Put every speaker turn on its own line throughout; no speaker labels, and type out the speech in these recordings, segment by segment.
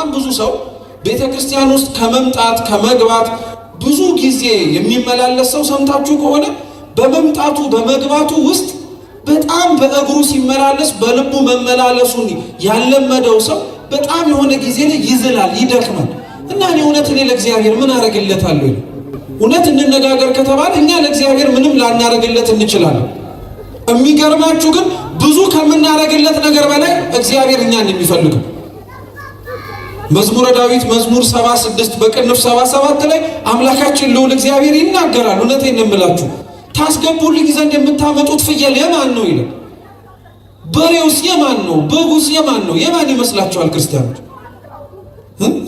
በጣም ብዙ ሰው ቤተ ክርስቲያን ውስጥ ከመምጣት ከመግባት ብዙ ጊዜ የሚመላለስ ሰው ሰምታችሁ ከሆነ በመምጣቱ በመግባቱ ውስጥ በጣም በእግሩ ሲመላለስ በልቡ መመላለሱን ያለመደው ሰው በጣም የሆነ ጊዜ ላይ ይዝላል፣ ይደክማል። እና እኔ እውነት እኔ ለእግዚአብሔር ምን አደርግለታለሁ? እውነት እንነጋገር ከተባለ እኛ ለእግዚአብሔር ምንም ላናረግለት እንችላለን። የሚገርማችሁ ግን ብዙ ከምናረግለት ነገር በላይ እግዚአብሔር እኛን የሚፈልግም መዝሙረ ዳዊት መዝሙር 76 በቅንፍ 77 ላይ አምላካችን ልዑል እግዚአብሔር ይናገራል። እውነቴን ነው የምላችሁ፣ ታስገቡልኝ ዘንድ የምታመጡት ፍየል የማን ነው ይላል። በሬውስ የማን ነው? በጉስ የማን ነው? የማን ይመስላችኋል? ክርስቲያኖች፣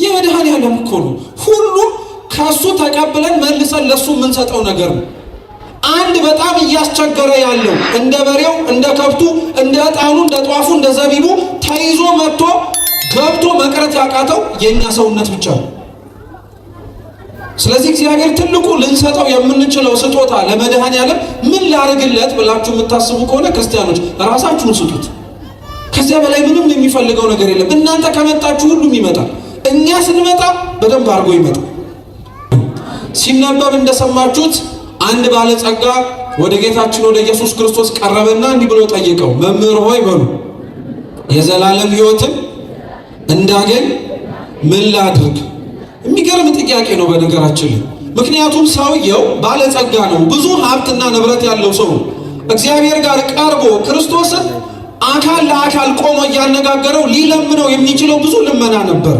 የመድኃኔዓለም እኮ ነው። ሁሉም ከእሱ ተቀብለን መልሰን ለእሱ የምንሰጠው ነገር ነው። አንድ በጣም እያስቸገረ ያለው እንደ በሬው፣ እንደ ከብቱ፣ እንደ ዕጣኑ፣ እንደ ጧፉ፣ እንደ ዘቢቡ ተይዞ መጥቶ ገብቶ መቅረት ያቃተው የእኛ ሰውነት ብቻ ነው። ስለዚህ እግዚአብሔር ትልቁ ልንሰጠው የምንችለው ስጦታ ለመድኃኔዓለም ምን ላርግለት ብላችሁ የምታስቡ ከሆነ ክርስቲያኖች ራሳችሁን ስጡት። ከዚያ በላይ ምንም የሚፈልገው ነገር የለም። እናንተ ከመጣችሁ ሁሉም ይመጣል። እኛ ስንመጣ በደንብ አድርጎ ይመጣል። ሲነበብ እንደሰማችሁት አንድ ባለጸጋ ወደ ጌታችን ወደ ኢየሱስ ክርስቶስ ቀረበና እንዲህ ብሎ ጠየቀው፣ መምህር ሆይ በሉ የዘላለም ሕይወትን እንዳገኝ ምን ላድርግ? የሚገርም ጥያቄ ነው በነገራችን ምክንያቱም ሰውየው ባለጸጋ ነው፣ ብዙ ሀብትና ንብረት ያለው ሰው ነው። እግዚአብሔር ጋር ቀርቦ ክርስቶስን አካል ለአካል ቆሞ እያነጋገረው ሊለምነው የሚችለው ብዙ ልመና ነበር።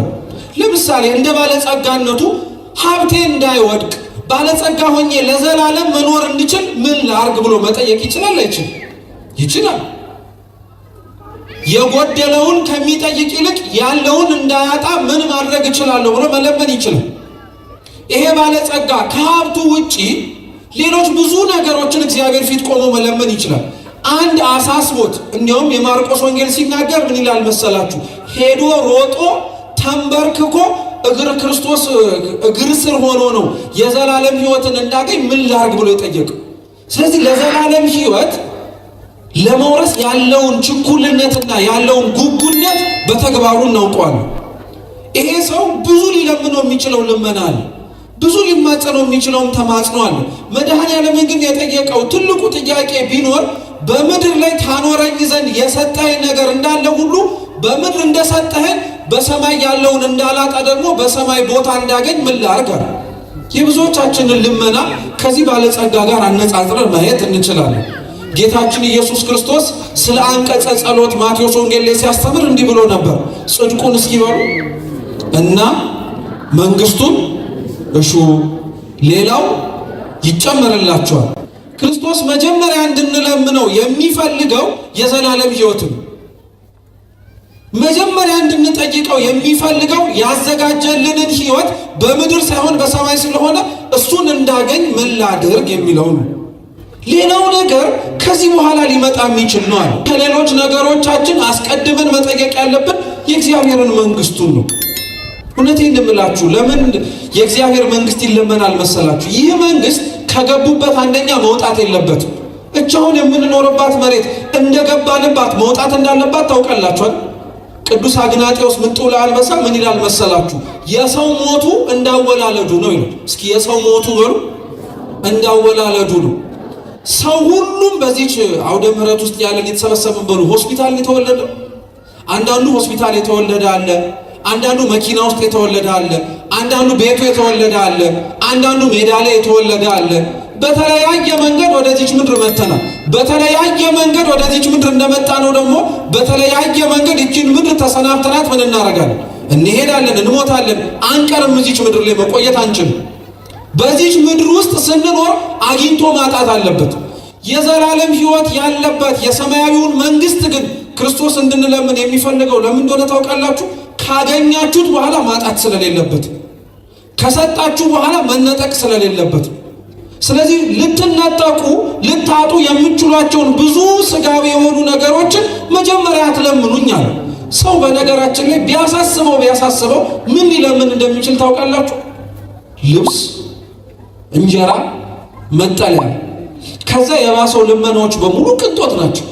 ለምሳሌ እንደ ባለጸጋነቱ ሀብቴ እንዳይወድቅ ባለጸጋ ሆኜ ለዘላለም መኖር እንድችል ምን ላርግ ብሎ መጠየቅ ይችላል አይችል? ይችላል። የጎደለውን ከሚጠይቅ ይልቅ ያለውን እንዳያጣ ምን ማድረግ እችላለሁ ብሎ መለመን ይችላል። ይሄ ባለጸጋ ከሀብቱ ውጪ ሌሎች ብዙ ነገሮችን እግዚአብሔር ፊት ቆሞ መለመን ይችላል። አንድ አሳስቦት፣ እንዲያውም የማርቆስ ወንጌል ሲናገር ምን ይላል መሰላችሁ? ሄዶ ሮጦ ተንበርክኮ እግር ክርስቶስ እግር ስር ሆኖ ነው የዘላለም ሕይወትን እንዳገኝ ምን ላርግ ብሎ የጠየቀው። ስለዚህ ለዘላለም ሕይወት ለመውረስ ያለውን ችኩልነትና ያለውን ጉጉነት በተግባሩ እናውቀዋለን። ይሄ ሰው ብዙ ሊለምነው የሚችለው ልመና አለ። ብዙ ሊማጸነው የሚችለውም ተማጽኖ አለ። መድኃኔዓለምን ግን የጠየቀው ትልቁ ጥያቄ ቢኖር በምድር ላይ ታኖረኝ ዘንድ የሰጠኸኝ ነገር እንዳለ ሁሉ በምድር እንደሰጠኸኝ በሰማይ ያለውን እንዳላጣ ደግሞ በሰማይ ቦታ እንዳገኝ ምን ላድርግ? የብዙዎቻችንን ልመና ከዚህ ባለጸጋ ጋር አነጻጽረን ማየት እንችላለን። ጌታችን ኢየሱስ ክርስቶስ ስለ አንቀጸ ጸሎት ማቴዎስ ወንጌል ላይ ሲያስተምር እንዲህ ብሎ ነበር፣ ጽድቁን እስኪበሉ እና መንግስቱን እሹ፣ ሌላው ይጨመርላቸዋል። ክርስቶስ መጀመሪያ እንድንለምነው የሚፈልገው የዘላለም ሕይወት ነው። መጀመሪያ እንድንጠይቀው የሚፈልገው ያዘጋጀልንን ህይወት በምድር ሳይሆን በሰማይ ስለሆነ እሱን እንዳገኝ ምን ላድርግ የሚለው ነው። ሌላው ነገር ከዚህ በኋላ ሊመጣ የሚችል ነው አለ። ከሌሎች ነገሮቻችን አስቀድመን መጠየቅ ያለብን የእግዚአብሔርን መንግስቱን ነው። እውነቴ ልምላችሁ፣ ለምን የእግዚአብሔር መንግስት ይለመናል መሰላችሁ? ይህ መንግስት ከገቡበት አንደኛ መውጣት የለበትም። እቻውን የምንኖርባት መሬት እንደገባንባት መውጣት እንዳለባት ታውቃላችኋል። ቅዱስ አግናጤዎስ ምንጡ ለአልበሳ ምን ይላል መሰላችሁ? የሰው ሞቱ እንዳወላለዱ ነው ይላል። እስኪ የሰው ሞቱ በሉ እንዳወላለዱ ነው ሰው ሁሉም በዚች አውደ ምሕረት ውስጥ ያለ የተሰበሰብን በሉ ሆስፒታል የተወለደ አንዳንዱ ሆስፒታል የተወለደ አለ። አንዳንዱ መኪና ውስጥ የተወለደ አለ። አንዳንዱ ቤቱ የተወለደ አለ። አንዳንዱ ሜዳ ላይ የተወለደ አለ። በተለያየ መንገድ ወደዚች ምድር መተናል። በተለያየ መንገድ ወደዚች ምድር እንደመጣ ነው ደግሞ በተለያየ መንገድ ይችን ምድር ተሰናብተናት ምን እናደርጋለን? እንሄዳለን፣ እንሞታለን፣ አንቀርም። እዚች ምድር ላይ መቆየት አንችልም። በዚች ምድር ውስጥ ስንኖር አግኝቶ ማጣት አለበት። የዘላለም ሕይወት ያለበት የሰማያዊውን መንግስት ግን ክርስቶስ እንድንለምን የሚፈልገው ለምን እንደሆነ ታውቃላችሁ? ካገኛችሁት በኋላ ማጣት ስለሌለበት፣ ከሰጣችሁ በኋላ መነጠቅ ስለሌለበት። ስለዚህ ልትነጠቁ ልታጡ የምችሏቸውን ብዙ ስጋዊ የሆኑ ነገሮችን መጀመሪያ አትለምኑኛል። ሰው በነገራችን ላይ ቢያሳስበው ቢያሳስበው ምን ሊለምን እንደሚችል ታውቃላችሁ? ልብስ፣ እንጀራ፣ መጠለያ ከዛ የባሰው ልመናዎች በሙሉ ቅንጦት ናቸው።